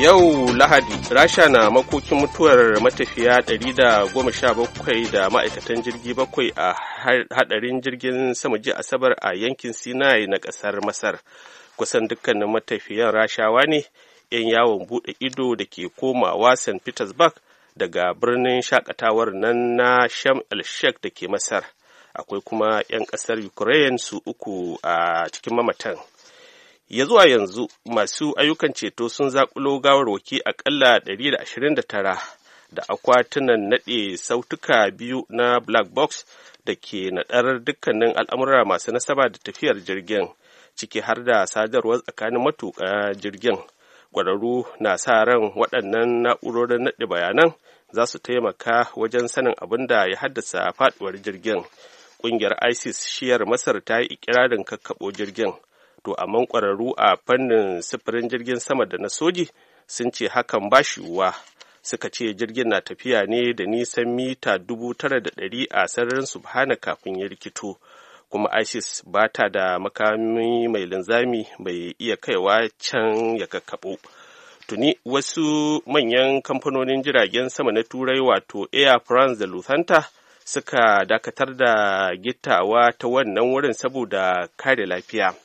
yau lahadi rasha na makokin mutuwar matafiya 117 da ma'aikatan jirgi bakwai a hadarin jirgin sama ji asabar a yankin sinai na kasar masar kusan dukkanin matafiyan rashawa ne 'yan yawon bude ido da ke komawa st petersburg daga birnin shakatawar nan na sham el sheikh da ke masar akwai kuma 'yan kasar ukraine su uku a cikin mamatan ya zuwa yanzu masu ayyukan ceto sun zakulo gawarwaki akalla 129 da akwatunan naɗe sautuka biyu na black box da ke naɗar dukkanin al'amura masu nasaba da tafiyar jirgin ciki har da sadarwar tsakanin matuƙa jirgin ƙwararru na sa ran waɗannan na'urorin naɗe bayanan za su taimaka wajen sanin abin da ya haddasa faɗuwar jirgin ƙungiyar isis shiyar masar ta yi ikirarin kakkaɓo jirgin to amman ƙwararru a fannin sifirin jirgin sama da na soji sun ce hakan ba shi yiwuwa suka ce jirgin na tafiya ne da nisan mita dubu tara da ɗari a sararin subhana kafin ya rikito kuma isis ba ta da makami mai linzami bai iya kaiwa can ya kakkaɓo tuni wasu manyan kamfanonin jiragen sama na turai wato air france da Lusanta suka dakatar da gittawa ta wannan wurin saboda kare lafiya